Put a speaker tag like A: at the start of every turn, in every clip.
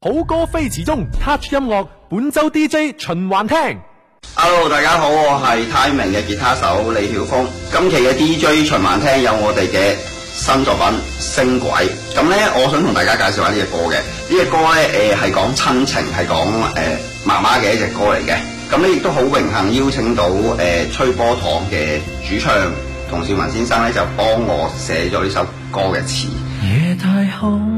A: 好歌飛始中 Touch 音樂本周 DJ 循環聽
B: ，Hello 大家好，我係泰明嘅吉他手李曉峰。今期嘅 DJ 循環聽有我哋嘅新作品《星軌》。咁呢，我想同大家介紹下呢隻歌嘅，呢隻歌呢，誒係講親情，係講誒媽媽嘅一隻歌嚟嘅。咁咧亦都好榮幸邀請到誒、呃、吹波糖嘅主唱同少文先生呢，就幫我寫咗呢首歌嘅詞。
C: 夜太空。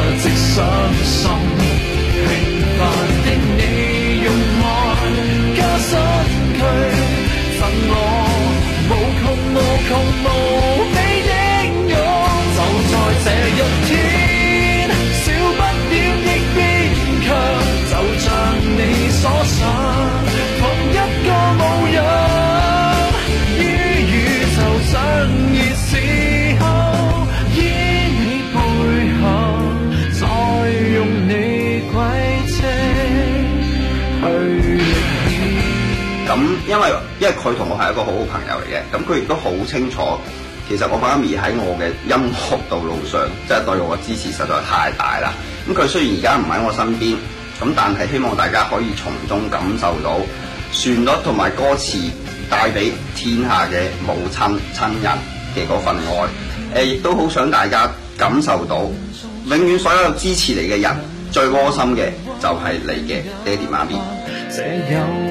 B: 因為佢同我係一個好好朋友嚟嘅，咁佢亦都好清楚，其實我媽咪喺我嘅音樂道路上，即係對我嘅支持實在太大啦。咁佢雖然而家唔喺我身邊，咁但係希望大家可以從中感受到旋律同埋歌詞帶俾天下嘅母親親人嘅嗰份愛。誒、呃，亦都好想大家感受到，永遠所有支持你嘅人，最窩心嘅就係你嘅爹哋媽咪。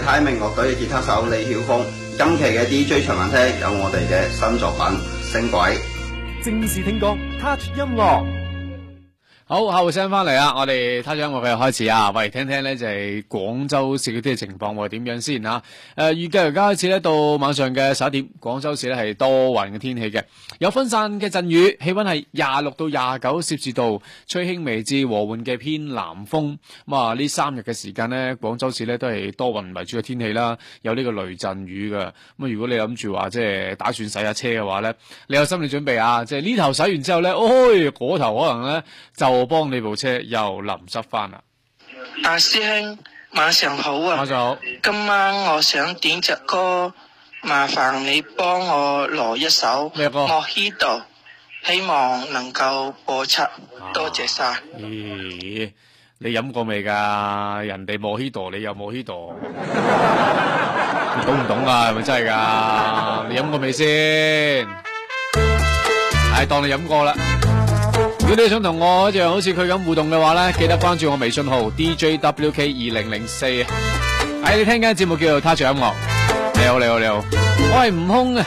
B: 泰明樂隊嘅吉他手李曉峰，今期嘅 DJ 長文廳有我哋嘅新作品《星軌》，
C: 正式聽歌 Touch 音樂。
A: 好，下部聲翻嚟啊！我哋睇咗音樂嘅開始啊，喂，聽聽呢就係、是、廣州市嗰啲嘅情況會點樣先吓？誒、呃，預計而家開始呢，到晚上嘅十一點，廣州市呢係多雲嘅天氣嘅，有分散嘅陣雨，氣溫係廿六到廿九攝氏度，吹輕微至和緩嘅偏南風。咁啊，呢三日嘅時間呢，廣州市呢都係多雲為主嘅天氣啦，有呢個雷陣雨嘅。咁啊，如果你諗住話即係打算洗下車嘅話呢，你有心理準備啊！即係呢頭洗完之後呢，哎，嗰頭可能呢。就。我幫你部車又淋濕翻啦！
C: 大師兄晚上好啊，晚上好。今晚我想點隻歌，麻煩你幫我來一首莫希多，希望能夠播出，多謝晒。咦，
A: 你飲過未噶？人哋莫希多，你又莫希多，懂唔懂啊？係咪真係噶？你飲過未先？係當你飲過啦。如果你想同我一樣，好似佢咁互動嘅話呢，記得關注我微信號 D J W K 二零零四啊！喺、哎、你聽緊節目叫做《Touch 音
C: 樂》。你好，你好，你好，我係悟空啊！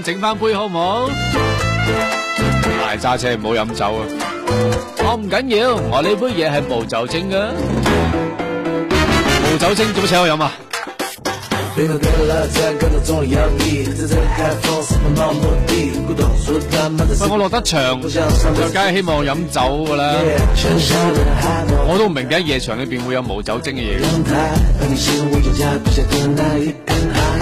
A: 整翻杯好唔好？大，哎、揸車唔好飲酒啊！我唔緊要，我呢杯嘢係無酒精噶。無酒精做乜請我飲啊
C: ？
A: 喂，我落得場就梗係希望飲酒噶啦、yeah,。我都唔明點解夜場裏邊會有無酒精嘅嘢。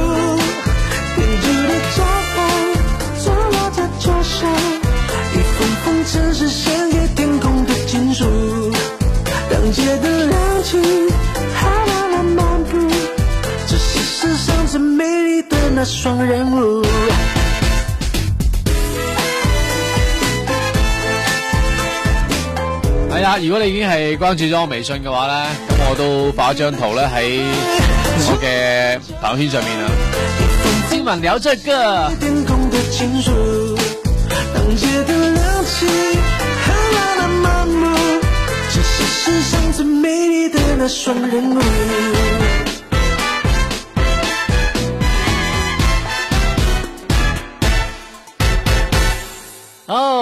A: 哎呀，如果你已經係關注咗我微信嘅話呢，咁我都發張圖咧喺我嘅朋友
C: 圈上面啊。麗 文，那雙人舞。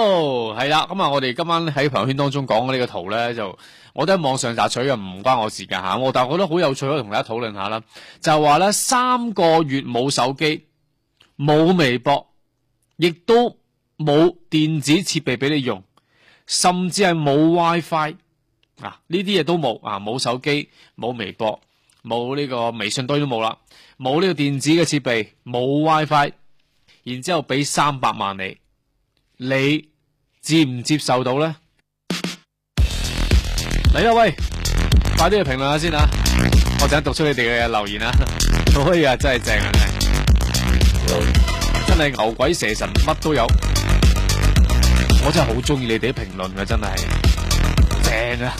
A: 哦、oh，係啦，咁啊，我哋今晚喺朋友圈當中講嘅呢個圖呢，就我都喺網上摘取嘅，唔關我事嘅吓。我但係我覺得好有趣，可以同大家討論下啦。就話呢，三個月冇手機、冇微博，亦都冇電子設備俾你用，甚至係冇 WiFi 啊，呢啲嘢都冇啊，冇手機、冇微博、冇呢個微信堆都冇啦，冇呢個電子嘅設備、冇 WiFi，然之後俾三百萬你。你接唔接受到咧？嚟啦，喂！快啲去評論下先啊，我想讀出你哋嘅留言啊！哎呀，真係正啊，真係，真係牛鬼蛇神乜都有，我真係好中意你哋啲評論啊，真係正啊！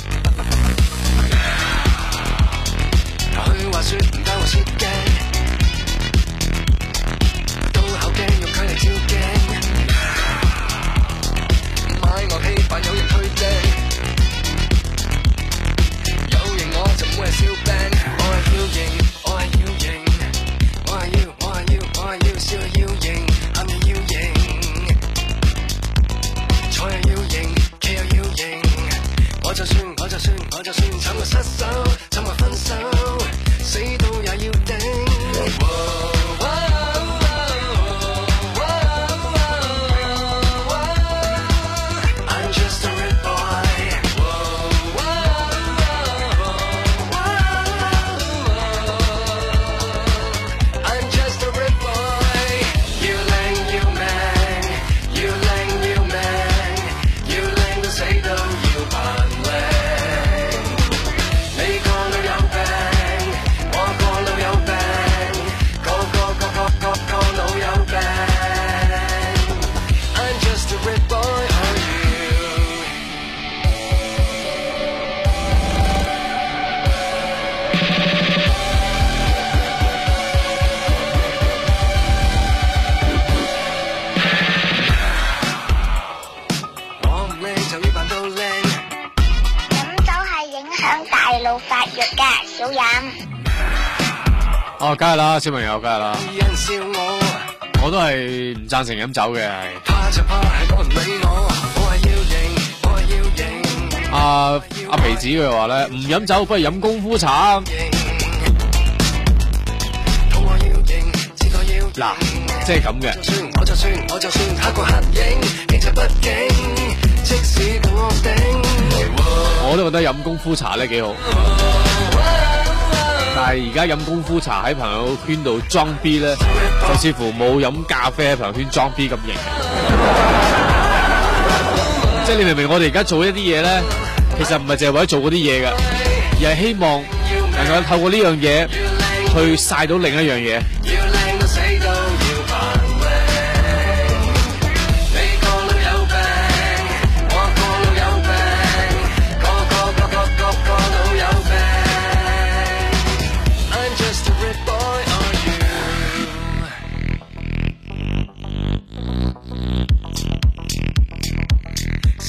A: 小朋友，梗係啦。我都係唔贊成飲酒嘅。怕就
C: 怕、
A: 啊、阿皮子佢話咧，唔飲酒不如飲功夫茶嗱、啊就是，即係咁嘅。我都覺得飲功夫茶咧幾好。
C: 哦
A: 但係而家飲功夫茶喺朋友圈度裝 B 咧，就似乎冇飲咖啡喺朋友圈裝 B 咁型。即係你明明我哋而家做一啲嘢咧，其實唔係淨係為咗做嗰啲嘢嘅，而係希望能夠透過呢樣嘢去晒到另一樣嘢。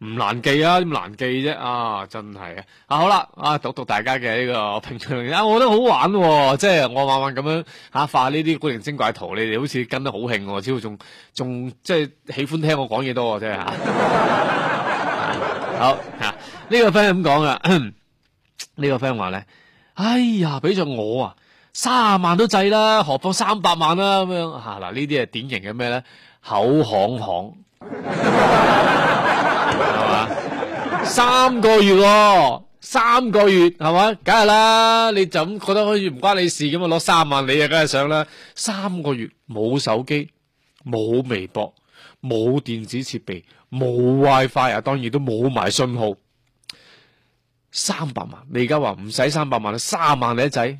A: 唔難記啊，咁難記啫啊，啊，真係啊！啊好啦，啊讀讀大家嘅呢、這個評論啊，我覺得好玩、哦，即係我慢慢咁樣吓畫呢啲古靈精怪圖，你哋好似跟得好興、哦，只要仲仲即係喜歡聽我講嘢多啊，真係吓。好、啊、吓、這個這個、呢個 friend 係咁講噶，呢個 friend 話咧，哎呀，俾咗我啊，三十萬都制啦，何況三百萬啦咁樣吓嗱？呢啲係典型嘅咩咧？口行行。三個月啊、三個月，三個月係嘛？梗係啦，你就覺得好似唔關你事咁啊！攞三萬你啊，梗係上啦。三個月冇手機、冇微博、冇電子設備、冇 WiFi 啊，當然都冇埋信號。三百萬，你而家話唔使三百萬啦，三萬你一仔，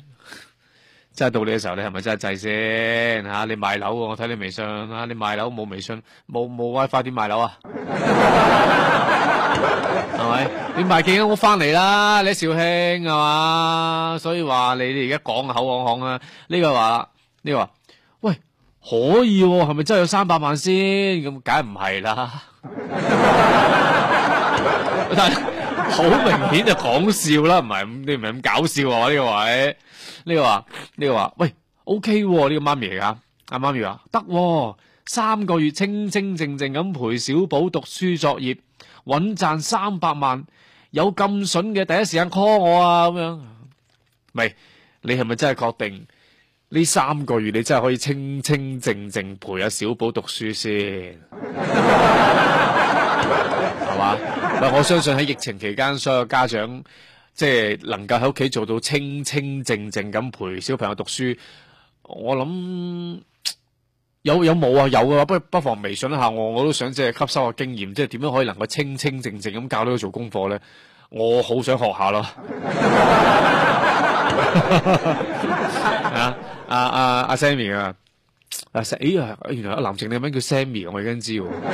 A: 真係到你嘅時候，你係咪真係制先吓？你賣樓、啊，我睇你微信啊！你賣樓冇微信、冇冇 WiFi 點賣樓啊？ 係咪？你賣記屋翻嚟啦？你喺肇慶係嘛？所以話你哋而家講口講講啊？呢個話呢個話喂可以喎？係咪真係有三百萬先？咁梗唔係啦。 但係好明顯就講笑啦，唔係你唔係咁搞笑啊？呢個位呢個話呢個話喂 OK 呢個媽咪嚟㗎？阿媽咪話得三個月清清靜靜咁陪小寶讀書作業。穩賺三百萬，有咁筍嘅，第一時間 call 我啊，咁樣，咪你係咪真係確定呢三個月你真係可以清清靜靜陪阿小寶讀書先，係 嘛？ 嗱，我相信喺疫情期間，所有家長即係能夠喺屋企做到清清靜靜咁陪小朋友讀書，我諗。有有冇啊？有嘅，啊、話，不不妨微信一下我。我都想即係吸收下經驗，即係點樣可以能夠清清靜靜咁教到佢做功課咧？我好想學下咯。啊 啊 啊！阿 Sir 啊！啊 Sammy 啊誒，石，哎呀，原來阿林靜你有咩叫 Sammy，我已家知啊，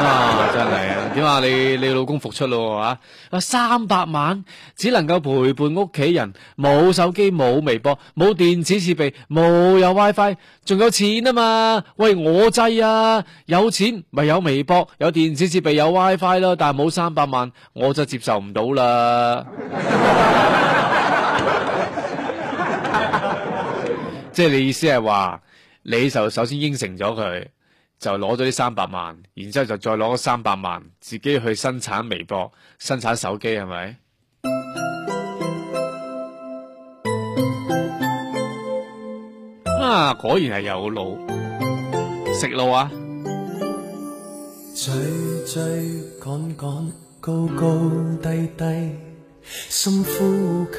A: 啊，真係啊，點啊，你你老公復出咯，啊，三百萬只能夠陪伴屋企人，冇手機，冇微博，冇電子設備，冇有 WiFi，仲有錢啊嘛，喂，我制啊，有錢咪有微博，有電子設備，有 WiFi 咯，但係冇三百萬，我就接受唔到啦。 即係你意思係話，你就首先應承咗佢，就攞咗啲三百萬，然之後就再攞咗三百萬，自己去生產微博、生產手機，係咪 啊，果然係有路，食路啊！
C: 追追趕趕，高高低低，深呼吸。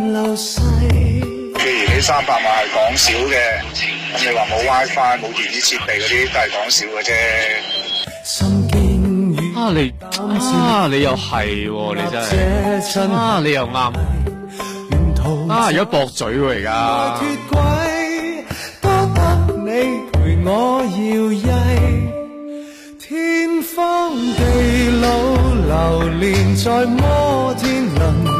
C: 譬、啊、
B: 如你三百萬係講少嘅，咁你話冇 WiFi、冇電子
A: 設備嗰啲都係講少嘅啫。啊你啊你又係、哦，你真係啊你又啱，啊而家駁嘴，
C: 多得你陪我搖曳，天荒地老流連在摩天輪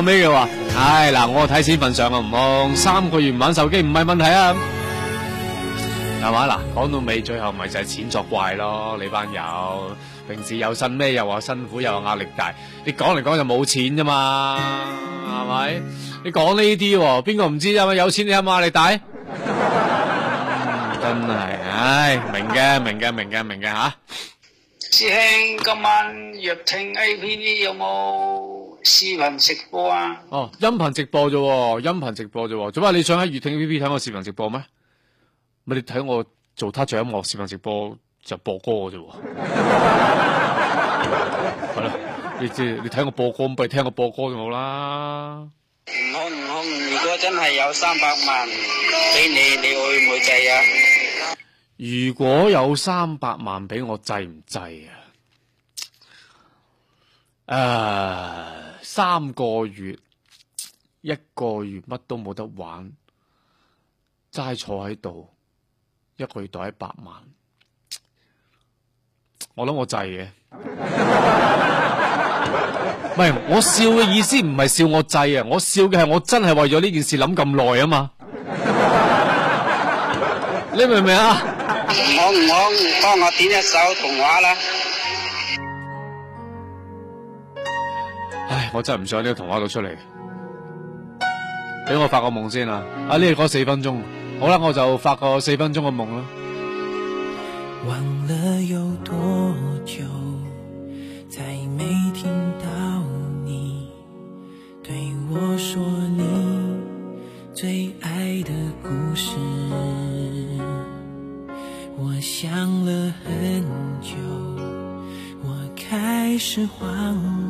A: 後尾佢話：唉，嗱，我睇錢份上啊，唔好三個月唔玩手機唔係問題啊，係嘛，嗱，講到尾最後咪就係錢作怪咯，你班友平時有信咩，又話辛苦，又話壓力大，你講嚟講就冇錢啫嘛，係咪？你講呢啲，邊個唔知啫？有錢你又話壓力大，真係，唉，明嘅，明嘅，明嘅，明嘅吓，
B: 師兄今晚約聽 A P P 有冇？視頻
A: 直播啊！哦，音頻直播啫，音頻直播啫。做咩你想喺粵聽 A P P 睇我視頻直播咩？咪你睇我做他音樂視頻直播就播歌咋啫。係 啦， 你知你睇我播歌，咁不如聽我播歌就好啦。
B: 悟空悟空，如果真係有三百萬俾你，你會唔會制啊？
A: 如果有三百萬俾我，制唔制啊？呃三個月，一個月乜都冇得玩，齋坐喺度，一個月袋一百萬，我諗我滯嘅，唔係我笑嘅意思，唔係笑我滯啊，我笑嘅係我,我,我真係為咗呢件事諗咁耐啊嘛， 你明唔明啊？可唔可幫我點一首童話啦？我真係唔想喺呢個童話度出嚟，俾我發個夢先啊。啊呢個講四分鐘好啦，我就發個四分鐘嘅夢啦。忘了有多
C: 久，再沒聽到你，對我說你最愛的故事。我想了很久，我開始慌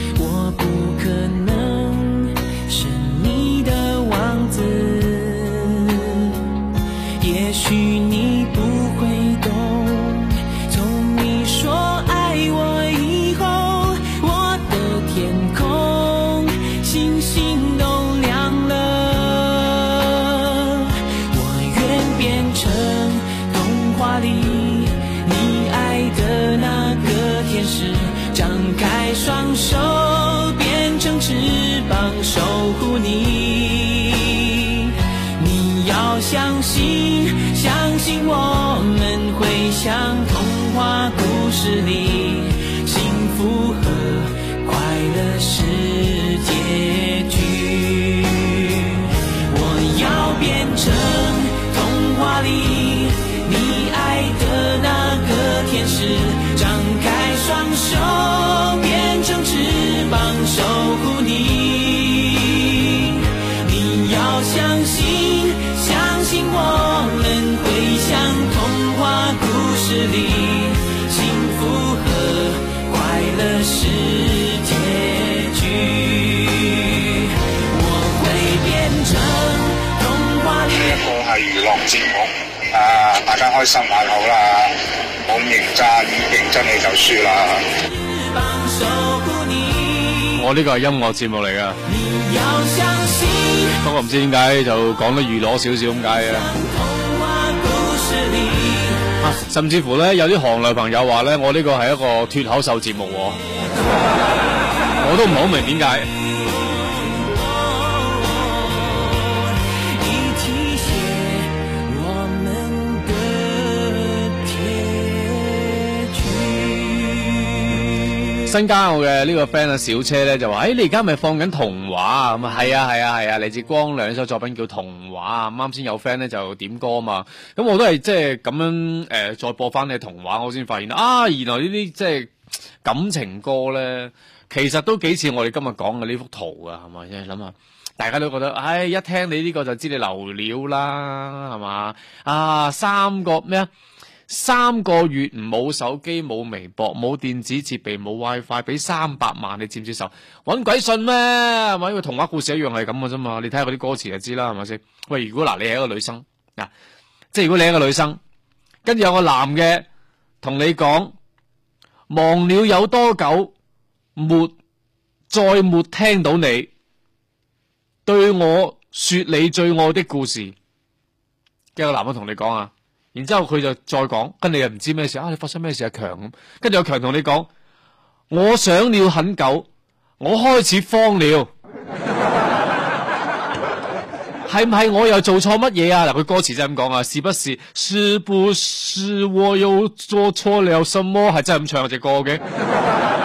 B: 開心好啦，冇咁認真，認真你就輸啦。
A: 我呢個係音樂節目嚟噶，你
C: 要相信，
A: 不過唔知點解就講得娛樂少少咁解嘅。
C: 啊，
A: 甚至乎咧，有啲行內朋友話咧，我呢個係一個脫口秀節目，我都唔好明點解。啊新加入嘅呢個 friend 啊，小車咧，就、哎、話，誒，你而家咪放緊童話？啊。咁啊，係啊，係啊，係啊，嚟自光良首作品叫童話啊。啱先有 friend 咧就點歌啊嘛，咁我都係即係咁樣誒、呃，再播翻你《童話，我先發現啊，原來呢啲即係感情歌咧，其實都幾似我哋今日講嘅呢幅圖啊。係咪即係諗下，大家都覺得，唉、哎，一聽你呢個就知你流料啦，係嘛？啊，三個咩啊？三個月唔冇手機、冇微博、冇電子設備、冇 WiFi，俾三百萬，你接唔接受？搵鬼信咩？係咪要同個童話故事一樣係咁嘅啫嘛？你睇下嗰啲歌詞就知啦，係咪先？喂，如果嗱你係一個女生嗱，即係如果你係一個女生，跟、啊、住有個男嘅同你講，忘了有多久，沒再沒聽到你對我說你最愛的故事，跟住個男嘅同你講啊。然之後佢就再講，跟住又唔知咩事啊！你發生咩事阿強咁，啊、強強跟住阿強同你講，我想了很久，我開始慌了，係唔係我又做錯乜嘢啊？嗱，佢歌詞真係咁講啊！是不是是不是我又做錯了什麼？係真係咁唱隻歌嘅。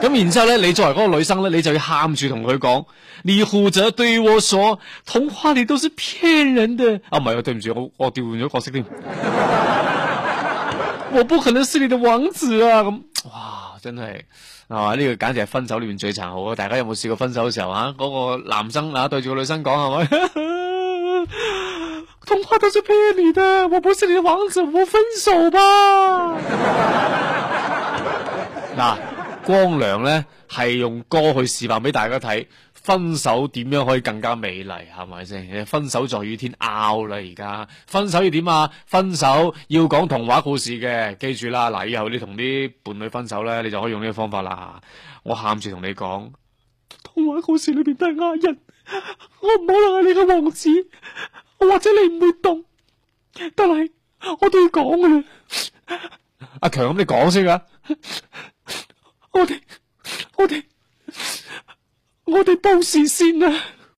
A: 咁、嗯、然之後咧，你作為嗰個女生咧，你就要喊住同佢講，你負責對我說童話裏都是騙人的。啊、哦，唔係，對唔住，我我調換咗角色添， 我不可能是你的王子啊！咁、嗯，哇，真係啊，呢、這個簡直係分手裏面最殘酷嘅。大家有冇試過分手嘅時候啊？嗰、那個男生啊，對住個女生講係咪？是是 童話都是騙你的，我不是你的王子，我分手吧？嗱、 啊。光良咧係用歌去示範俾大家睇分手點樣可以更加美麗，係咪先？分手在雨天拗啦，而家分手要點啊？分手要講童話故事嘅，記住啦！嗱，以後你同啲伴侶分手咧，你就可以用呢個方法啦。我喊住同你講，童話故事裏邊都係呃人，我唔可能係你嘅王子，我或者你唔會動，但係我都要講嘅。阿強，咁你講先啊！我哋，我
C: 哋，我哋報時先啦。